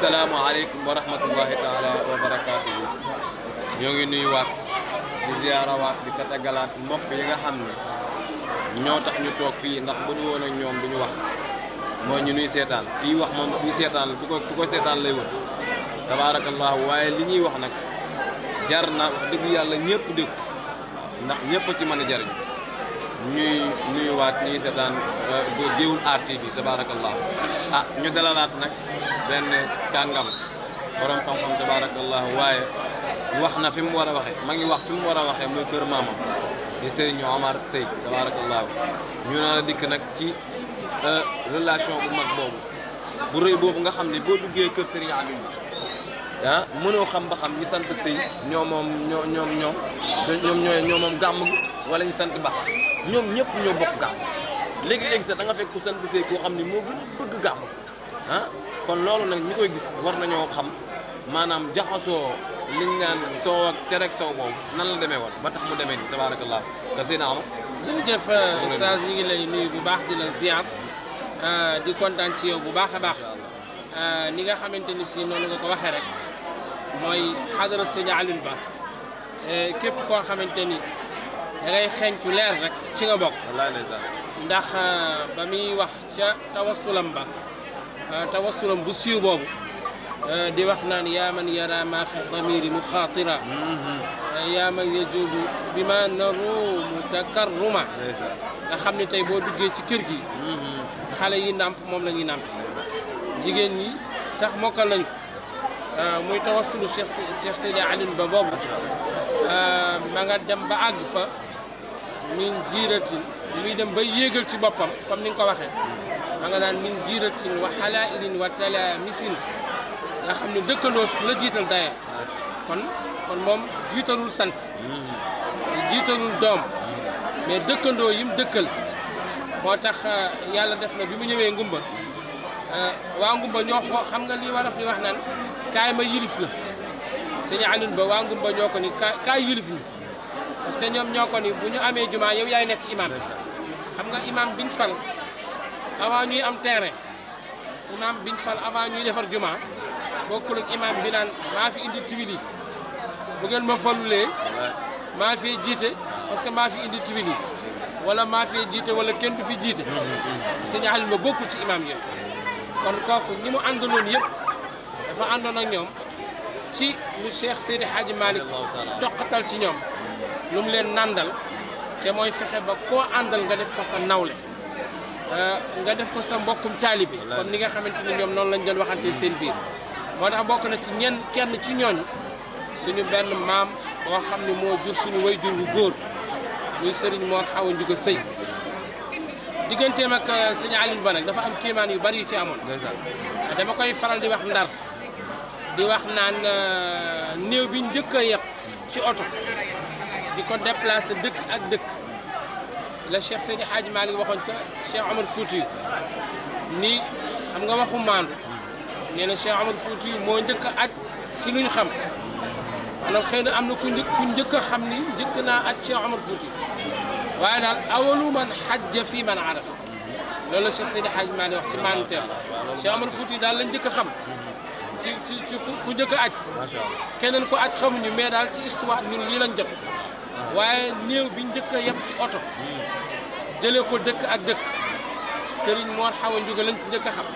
asalaamualeykum wa rahmatullahi taala wa barakaatuhu ñoo ngi nuyu waat di ziyaara waat di tatagalaat mbokk yi nga xam ne ñoo tax ñu toog fii ndax bu ñu woon ñoom du ñu wax mooy ñu nuy seetaan kii wax moom seetaan ku ko ku ko seetaan lay wër waaye li ñuy wax nag jar na wax dëgg yàlla ñëpp dégg ndax ñëpp ci mën a jariñ ñuy nuyuwaat ñuy seetaan Gueoul euh, Art TV tabaarakallah ah ñu dalalaat nag benn kàngam borom xam-xam tabaarakallah waaye wax na fi mu war a waxee ma ngi wax fi mu war a waxee muy kër maamam di Serigne Omar Seye tabaarakallah ñu naan a dikk nag ci euh, relation bu mag boobu bu rëy boobu nga xam ni boo duggee kër Serigne Aliou ah mënoo xam ba xam ñi sant Seye ñoo moom ñoo ñoom ñoom ñoom ñooy ñoo moom gàmm wala ñi sant Ba. ñoom ñëpp ñoo bokk gàmm léegi-léegi sax da nga fekk ku sant see koo xam ne moo gën a bëgg gàmm ah kon loolu nag ñu koy gis war nañoo xam maanaam jaxasoo liñ naan soow ak cere ak soow boobu nan la demee woon ba tax mu demee nii tabaarakallah te seen ama jërëjëf euh, oustaz ñu ngi lay nuyu bu baax di la ziar euh, di kontaan ci yow bu baax a baax euh, ni nga xamante ni si noonu nga ko waxee rek mooy xadara sëñ Alioune Ba képp koo xamante ni dangay ngay xencu leer rek ci nga bokk ndax euh, ba muy wax ca tawassulam ba euh, tawassulam bu siiw boobu euh, di wax naan yaa man yara ma fi damiri mu xaatira mhm. yaa man yajubu bi ma naru mutakarruma nga xam ni tey boo duggee ci kër gi mhm. xale yi nàmp moom la ñuy jigéen ñi sax mokkal nañ ko muy tawassulu Cheikh Cheikh Seydi Alioune ba boobu ma nga dem ba àgg fa min jiiratin muy dem ba yéegal ci boppam comme ni nga ko waxee anga nga naan min jiiratin wa xalaailin wa talaamisin nga xam ne dëkkandoo su la jiital dayee kon kon moom jiitalul sant jiitalul doom mais dëkkandoo yim dëkkal moo tax euh, yàlla def na bi mu ñëwee ngumba euh, waa ngumba ñoo xoo xam nga lii waraf wax naan kaay ma yilif la sëñ ba waa ngumba ñoo ko ni kaay yilif ñu parce que ñoom ñoo ko ni bu ñu amee jumaa yow yay nekk imam xam nga imam biñ fal avant ñuy am terrain imam biñ fal avant ñuy defar jumaa bokkul ak imam bi maa fi indi tibili bu ngeen ma falulee maa fee jiite parce que maa fi indi tibili wala maa fee jiite wala kenn du fi jiite sëñ Aliou ma bokkul ci imam yëpp kon kooku ñi mu àndaloon yëpp dafa àndoon ñoom ci lu Cheikh Seydi Hadji Malick toqatal ci ñoom lu leen nàndal te mooy fexe ba ko àndal nga def ko sa nawle euh, nga def ko sa mbokkum taalibi kon ni nga xamante ni ñoom noonu lañ doon waxante seen biir moo tax bokk na ci ñenn kenn ci ñooñu suñu benn maam boo xam ne moo jur suñu way jur wu góor muy sëriñ moo xawa njugo sëy digganteem ak euh, sëñ Alioune Ba nag dafa am kéemaan yu bari yu ci amoon ah, dama koy faral di wax ndar di wax naan euh, néew bi njëkk a yeb ci oto di ko déplacé dëkk ak dëkk la Cheikh Seydi Hadji Malick waxoon ca Cheikh Omar Fouti ni xam nga waxu maandu nee na Cheikh Omar Fouti moo njëkk a aj ci luñ xam maanaam xëy na am na ku një ku njëkk a xam ni njëkk naa aj Cheikh Omar Fouti waaye daal awalu man xajja fii man araf loolu la Cheikh Seydi Hadji Malick wax ci maandu teel Cheikh Omar Fouti daal la njëkk a xam. ci ci ci ku njëkk a aj keneen ku aj xamuñu mais daal ci histoire ñun lii lañ jot waaye néew bi njëkk a yem ci oto jële ko dëkk ak dëkk Serigne Mor Xawa Ndiouga lañ ci njëkk a xam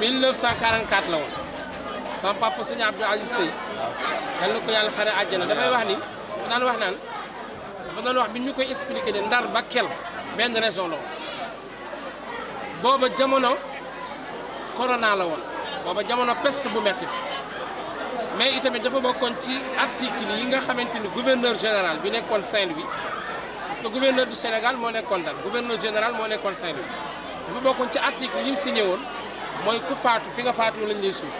1944 la woon sama papa sëñ Abdou Aziz Sey yal na ko yàlla xare àjjana dafay wax ni daan wax naan dafa doon wax bi ñu koy expliqué ne Ndar Bakel benn région la woon booba jamono corona la woon booba jamono peste bu metti mais itamit dafa bokkoon ci article yi nga xamante ni gouverneur général bi nekkoon saint bi parce que gouverneur du Sénégal moo nekkoon daal gouverneur général moo nekkoon Saint-Louis dafa bokkoon ci article yi mu signé woon mooy ku faatu fi nga faatu lañ lay suuf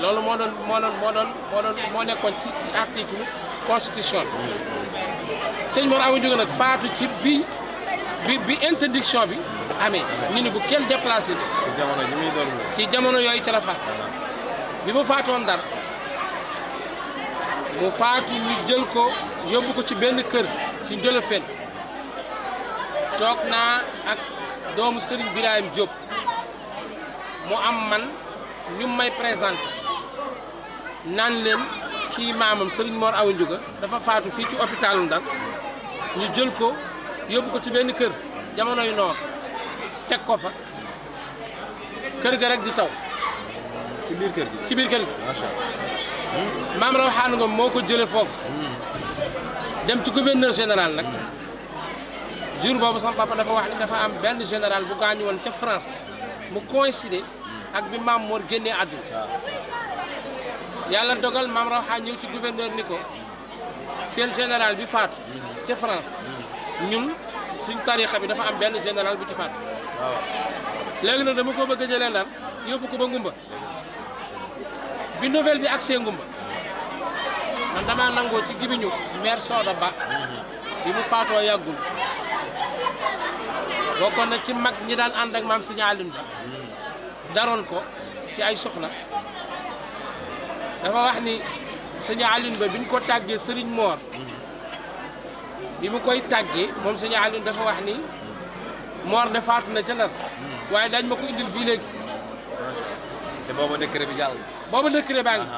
loolu moo doon moo doon moo doon moo doon moo nekkoon ci ci article constitution bi sëñ Mor Awa Ndiouga nag faatu ci bi bi bi interdiction bi amee ñu ni bu kenn déplacé ci jamono ji muy doon ci jamono yooyu ca la faatu bi mu faatoo Ndar mu faatu ñu jël ko yóbbu ko ci benn kër ci Njolofeen toog naa ak doomu sëriñ Birahim Diop mu am man ñu may présenté naan leen kii maamam sëriñ Mor Awa Ndiouga dafa faatu fii ci hôpitalu Ndar ñu jël ko yóbbu ko ci benn kër jamonoy noor teg ko fa kër ga di taw ci biir kër gi ci biir kër gi macha allah maam Rawane Ngom moo ko jëlee foofu dem ci gouverneur général nag jour boobu sama papa dafa wax ni dafa am benn général bu gaañu woon ca France mu coïncider ak bi maam Mor génnee àdduna yàlla dogal maam Rawane ñëw ci gouverneur ni ko seen général bi faatu ca France ñun suñ tarixa bi dafa am benn général bu ci faatu léegi nag dama ko bëgg a jëlee ndar yóbbu ko ba ngumba bi nouvelle bi ak Ngumba man damaa nangoo ci gibiñu maire Soda Ba mhm. bi mu faatoo yàggul bokkoon na ci mag ñi daan ànd ak maam Sëñ Aliou Ba mhm. daroon ko ci ay soxla dafa wax ni Sëñ Aliou Ba bi ñu ko tàggee sëriñ Mor mhm. bi mu koy tàggee moom Sëñ Aliou dafa wax ni Mor de faatu na ca Ndar waaye dañ ma ko indil fii léegi te booba décret bi jàll. booba décret baa ngi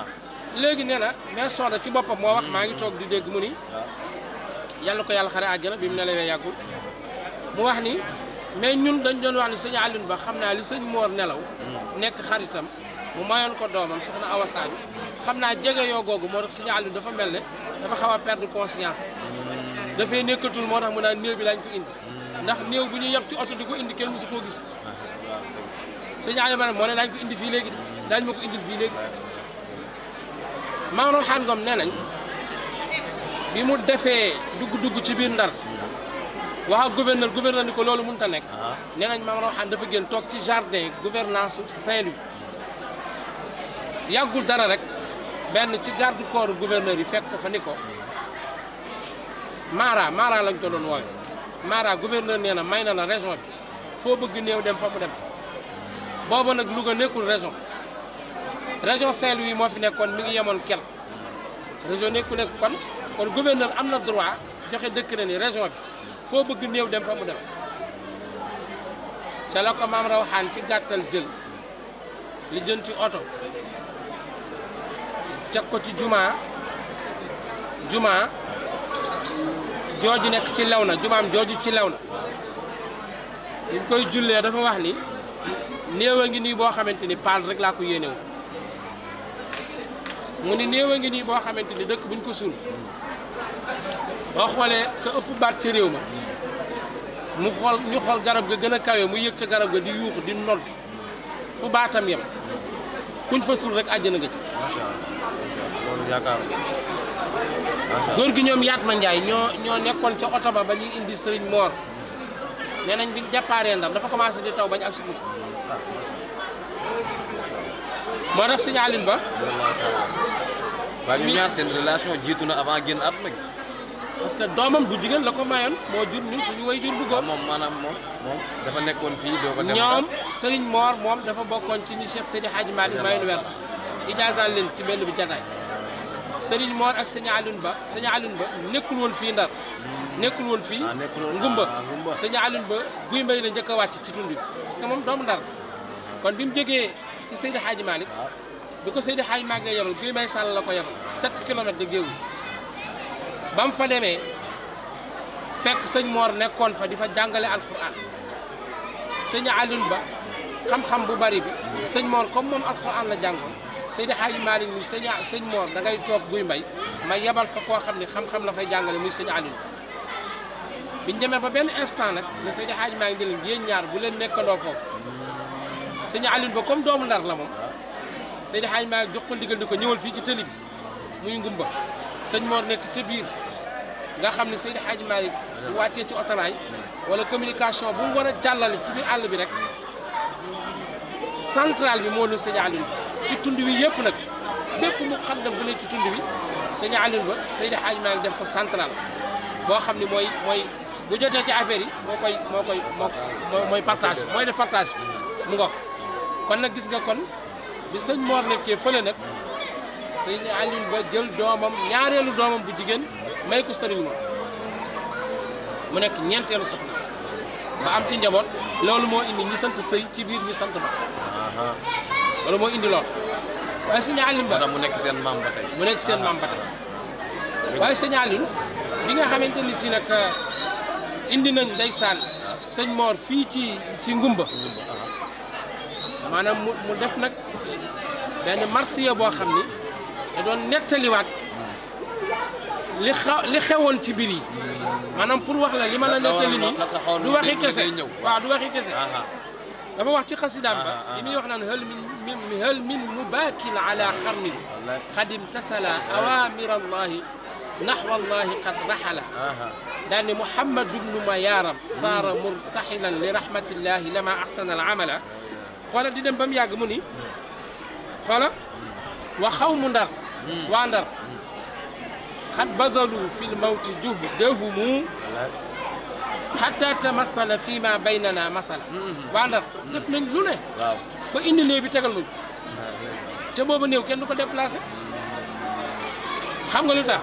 léegi ne na mais soxna ci boppam moo wax hmm. maa ngi toog di dégg mu ni. yàlla ko yàlla xare àjjana bi mu ne la yàggul. mu wax ni mais ñun dañ doon wax ni sëñ Alioune Ba xam naa li sañ moor nelaw. Hmm. nekk xaritam mu mayoon ko doomam soxna Awa Sadio xam naa jege yoo googu moo tax sëñ Alioune dafa mel ne dafa xaw a perdre conscience. Hmm. dafay nekkatul moo tax mu naan néew bi lañ ko indi. ndax néew bu ñu yab ci oto di ko indi sëñ Aliou ma moo ne daañu ko indi fii léegi daañu ma ko indil fii léegi Maodo Xaan Ngom nee bi mu defee dugg-dugg ci biir ndar wax ak gouverneur ni ko loolu mënut a nekk. nee nañ Maodo Xaan dafa génn toog ci jardin gouvernance Saint-Louis yàggul dara rek benn ci garde kooru gouverneur yi fekk ko fa ni ko Mara Mara lañ ko doon woowee Mara gouverneur nee na may na la région bi foo bëgg néew dem fa mu dem fa. boobu nag Louga nekkul région région Saint-Louis moo fi nekkoon mi ngi yemoon kel région nekkul nekk kon kon gouverneur am na droit joxe dëkk décret ni région bi foo bëgg néew dem fa mu def ca la ko maam Rawxaan ci gàttal jël li jën ci oto jag ko ci jumaa jumaa jooju nekk ci lew na jumaam jooju ci lew na li koy jullee dafa wax ni néewa ngi nii boo xamante ni rek la ko yene wu mu ni néewa ngi nii boo xamante ni buñ ko sul bo xolé ke upp baat ca réew mu xol ñu xol garab ga gëna kawé mu yëg ci garab ga di yuuxu di nodd fu baatam yam kuñ fa sul rek aljana ga ci gi ñom yaat ma njaay ño ño nekkon ci auto ba ba ñuy indi serigne moor nenañ bi jappare ndam dafa commencé di taw bañ ak sukk moo tax sëñ Alioune Ba. waaw ñu ñaar seen relation jiitu na avant génn at nag. parce que doomam bu jigéen la ko mayoon moo jur ñun suñu way jur bu góor. moom maanaam moom moom dafa nekkoon fii ñoom Serigne Mor moom dafa bokkoon ci ñi Cheikh Seydi Hadji Malick mayoon weer ijaasaan leen ci benn bi jataay Serigne Mor ak sëñ Ba sëñ Alioune Ba nekkul woon fii Ndar. Hmm. nekkul woon fii. Ah, ah, ngumba sëñ Alioune Ba guy mbay la njëkk a wàcc ci tund bi parce que moom doomu Ndar. kon bi mu jógee ci Seydi Hadji Malick bi ko Seydi Hadji Malick la yebal Guy Marius Sagna la ko yebal set kilomètres de géew ba mu fa demee fekk sëñ moor nekkoon fa di fa jàngale alquran sëñ Alioune Ba xam-xam bu bari bi sëñ Mor comme moom alquran la jàngoon Seydi Hadji Malick ni sëñ sëñ Mor da ngay toog guy mbay ma yebal fa koo xam ne xam-xam la fay jàngale muy sëñ Alioune Ba biñ demee ba benn instant nag ne Seydi Hadji Malick di leen ñaar bu leen nekkandoo foofu sëñ Alioune ba comme doomu ndar la moom sëñ xaaj maa jox ko ndigal ñëwal fii ci tëli bi muy ngumba sëñ Mor nekk ca biir nga xam ne sëñ xaaj ci otoraay wala communication bu mu war a jàllale ci àll bi rek central bi moo sëñ Alioune ci tund wi yëpp nag bépp mu xaddam bu ne ci tund wi sëñ Alioune ba sëñ xaaj maa def ko central boo xam ne mooy mooy bu jotee ci affaire yi moo koy moo koy moo mooy partage mooy de partage mu ngoog kon nag gis nga kon bi sëñ Mor nekkee fële nag sëñ Alioune Ba jël doomam ñaareelu doomam bu jigéen may ko sëriñ Mor mu nekk ñeenteelu soxna ba am ci njaboot loolu moo indi ñi sant sëy ci biir ñi sant ba loolu moo indi lool waaye sëñ Alioune Ba mu nekk seen maam ba mu nekk seen maam ba waaye sëñ Alioune bi nga xamante ni si nag indi nañ saan sëñ Mor fii ci ci Ngumba manam mu mu def nak ben marsiya bo xamni da don netali wat li li xewon ci biri manam pour wax la lima la netali ni du waxi kesse wa du waxi kesse dafa wax ci xasidaam ba limi wax nan hal min min hal min mubakil ala xarnin khadim tasala awamir allah نحو الله قد رحل daan ne muhammad ibnu ma yaaram saara murtaxilan li rahmatillahi lama axsana al xoolal di dem ba mu yàgg mu ni xoola wa xaw mu ndar waa ndar xat bazalu fil mawti juhdahumu xatta tamassala fii ma baynana masala waa ndar def nañ lu ne ba indi néew bi tegal ma te booba néew kenn du ko déplacé xam nga lu tax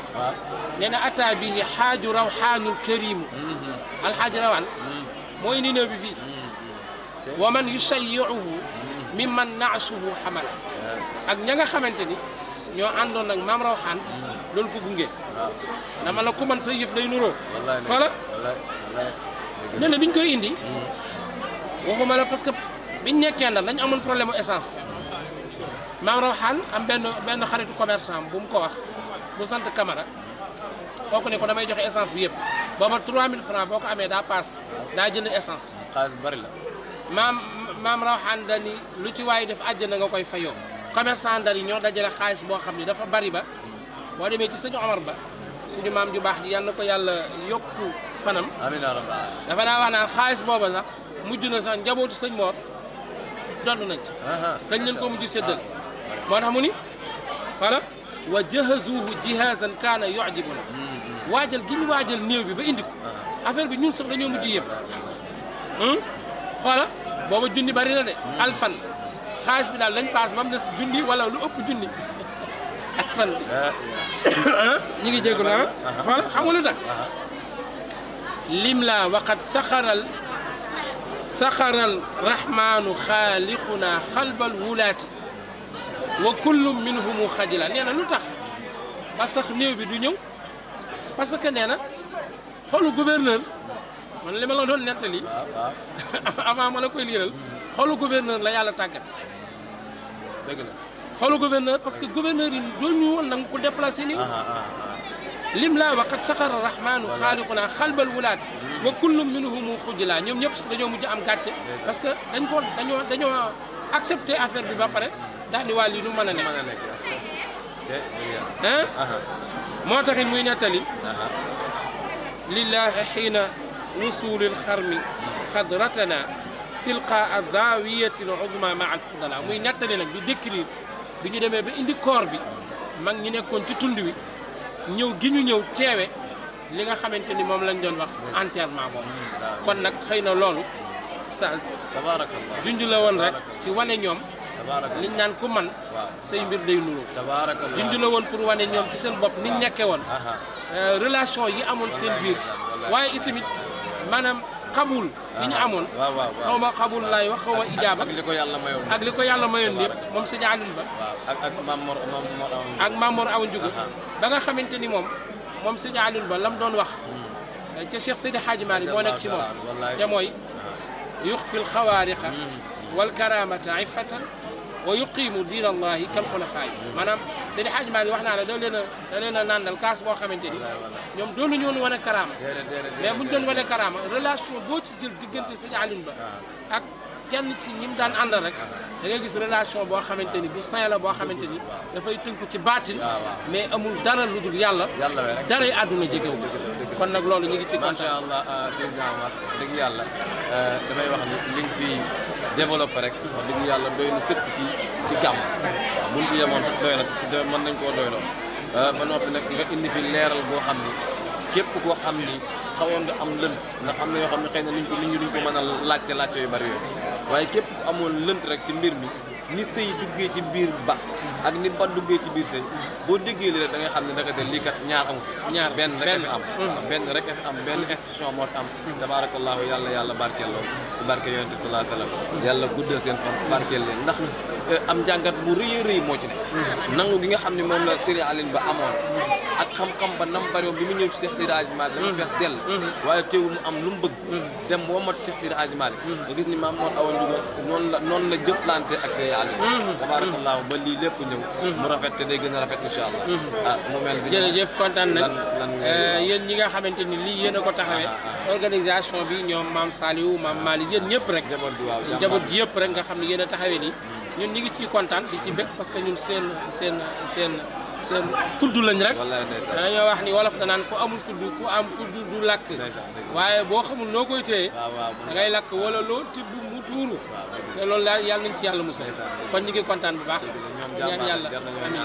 nee na ataa bihi xaaju raw xaanul karimu alxaaju rawaan moo indi néew bi fii wa man yu yusayiuhu mi man naasuhu xamala ak ña nga xamante ni ñoo àndoon ak maam rawxaan mm. loolu ko gunge ah. dama la ku man sa yëf day nuroo xoola ne biñ koy indi mm. waxuma la parce que biñ nekkee na dañu amoon problème essence maam rawxaan am benn benn xaritu commerçant bu mu ko wax bu sant Camara kooku ne ko damay joxe essence bi yëpp booba 3000 francs boo ko amee daa paas daa jënd essence xaalis bu bari la maam maam Rawaan dani lu ci waay def àjjana nga koy fayoo commerçant dani ñoo dajale xaalis boo xam ne dafa bari ba boo demee ci sëñ Omar ba suñu maam ju baax ji yal na ko yàlla yokku fanam. amiin dafa daa wax naan xaalis booba sax mujj na sax njabootu sëñ Mor donn nañ ci. dañ leen ko mujj séddal. moo tax mu ni voilà wa jahazuhu jihazan kaana yu'jibuna waajal gi ñu waajal néew bi ba indi ko. affaire bi ñun sax dañoo mujj yëpp. xola bobu jundi bari na de alfan xaalis bi dal lañ pass bam dess jundi wala lu upp jundi alfan ñi ngi jégalu ah xola xam nga lu tax limla laa waqat sakharal saxaral rahmaanu xaalixuna xalbal wulaati wa kullu minhum khajila neena lu tax ba sax néew bi du ñëw parce que neena xolu gouverneur man lima la doon netali avant ma la koy liral xolu gouverneur la yàlla tagat deug la xolu gouverneur parce que gouverneur yi do ñu won nang ko déplacer ni lim laa wax kat rahman khaliquna khalb xalbal wulaati. wa kullu minhum khujla ñom ñep sax dañoo mujj am gàcce. parce que dañ ko dañu dañu accepter affaire bi ba pare daal di waa lii nu mën a nekk. mën a nekk ah. moo taxit muy nettali. lillaahi xiina. وصول الخرم خضرتنا تلقى الضاوية العظمى مع الفضلاء مي نتالي نك دي ديكري بي ني ديمي با اندي كور بي ماك ني نيكون تي توندي وي نيو جي نيو نيو تيوي ليغا خامتيني موم لا نديون واخ انترمان موم كون نك خينا لول استاذ تبارك الله جوندي لا وون رك سي واني نيوم تبارك الله نان كو مان سي مبير داي نورو تبارك الله جوندي لا وون بور واني نيوم سي سن بوب ني نيكي وون اها ريلاسيون يي امون سين بير واي اتيميت manam qabul li ñu xawma qabul lay wax xawma ijaba ak liko yàlla mayon ak liko yàlla mayon lépp mom sëñ Alioune Ba ak Mamor ak Mamor Awa Ndiouga ba nga xamanteni mom mom moom sëñ Ba lam doon wax ci Cheikh Seydi Hadji mari mo nek ci mom te mooy yuxfil xawaariqa wal karamata ifatan ويقيم دين الله كالخلفاء maanaam Seydi Hadj Malick wax naa la da leen a da leen a nandal kaas boo xamante ni ñoom doonu ñoon wane karaama mais buñ doon wane karaama relation boo ci jël diggante Seydi Alioune Ba ak kenn ci ñi mu daan àndal rek da ngay gis relation boo xamante ni bu sañ la boo xamante ni dafay tënku ci baatin mais amul dara lu dul yàlla dara yi àdduna jegew kon nag loolu ñu ngi ci kontaan macha allah Seydina Omar dëgg yàlla damay wax ni liñ fi développé rek wax dëgg yàlla doy na sëpp ci ci gàmm waaw buñ ci yemoon sax doy na sax mën nañ koo doyloo euh, ba noppi nag nga indi fi leeral boo xam ni képp koo xam ni xawoon nga am lënt ndax am na yoo xam ne xëy na niñ ko nit ñi duñ ko mën a laajte laajte yu bari yooyu waaye képp ku amoon lënt rek ci mbir mi ni sëy duggee ci biir ba ak nit ba duggee ci biir sëy boo déggee lii rek da ngay xam ne ndekete lii kat ñaar amu ñaar benn rek fi am mm. benn rek fi am benn institution moo fi am mm. tabaarakallaahu yàlla yàlla barkeel lool si barke yonente bi salaa taala yàlla guddal seen fan barkeel leen ndax eh, am njàngat bu rëy a moo ci ne mm. nangu gi nga xam ne moom la Serigne Aline Ba amoon ak xam-xam ba nam bari woon bi mu ñëw ci Cheikh ma Hadji Malick dafa fees dell waaye teewul mu am lu mu bëgg dem woo mat Cheikh Seydi Hadji gis ni maam moon awa njugo noonu la la jëflante ak Serigne Aline ñëw. Mhm. mu rafet te day gën a rafet incha allah. Mhm. ah mu mel si jërëjëf kontaan nañ euh, yéen ñi nga xamante ni lii yéen a ko taxawee. Ah, ah, ah. organisation bi ñoom maam Saliou maam Mali yéen ñëpp rek. njaboot bi waaw njaboot bi yëpp rek nga xam ni yéen a taxawee ni mm. ñun ñi ngi ciy kontaan di ci bëgg parce que ñun seen seen seen. seen kudd lañ rek dañoo wax ni wolof naan ku amul kudd ku am kudd du lakk waaye boo xamul noo koy téye da ngay lakk wala loo tibb mu tuuru te loolu daal yàlla nañ ci yàlla mu musal kon ñi ngi kontaan bu baax ñaan yàlla amin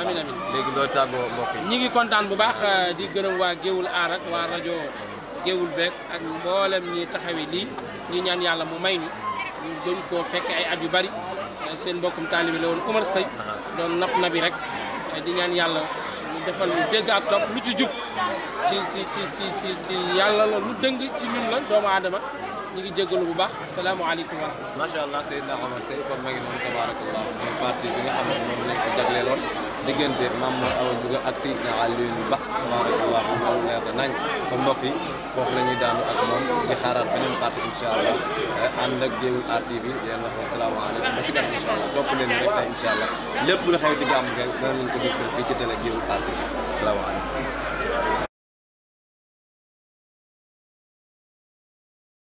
amin léegi loo tàggoo mbokk yi ngi kontaan bu baax euh, di gërëm waa géewul aar ak waa rajo géewul beek ak mboolem ñi taxawe lii ñi ñaan yàlla mu may ñu ñu gën koo fekke ay at yu bari euh, seen mbokkum taalibi la woon Omar Seye doon nap na bi rek di ñaan yàlla mu defal lu dégg ak topp lu ci jub ci ci ci ci ci yàlla la lu dëng ci ñun la doomu aadama ñu ngi jégalu bu baax asalaamaaleykum wa rahmatulah. macha allah Seydina Omar Seye kon ma ngi noonu tabaarakallah mooy parti bi nga xam ne moom lañ ko jagleeloon diggante Mame Mor Awa Diouga ak Seydina Alioune Ba tabaarakallah moom leer na nañ ko mbokk yi foofu la ñuy daanu ak moom di xaaraat beneen parti incha allah eh, ànd ak Gueoul Art TV di leen wax asalaamaaleykum ba si kanam incha allah topp leen rek tey incha allah lépp lu xew ci gàmm gi danañ ko déglu fii ci télé Gueoul Art TV asalaamaaleykum.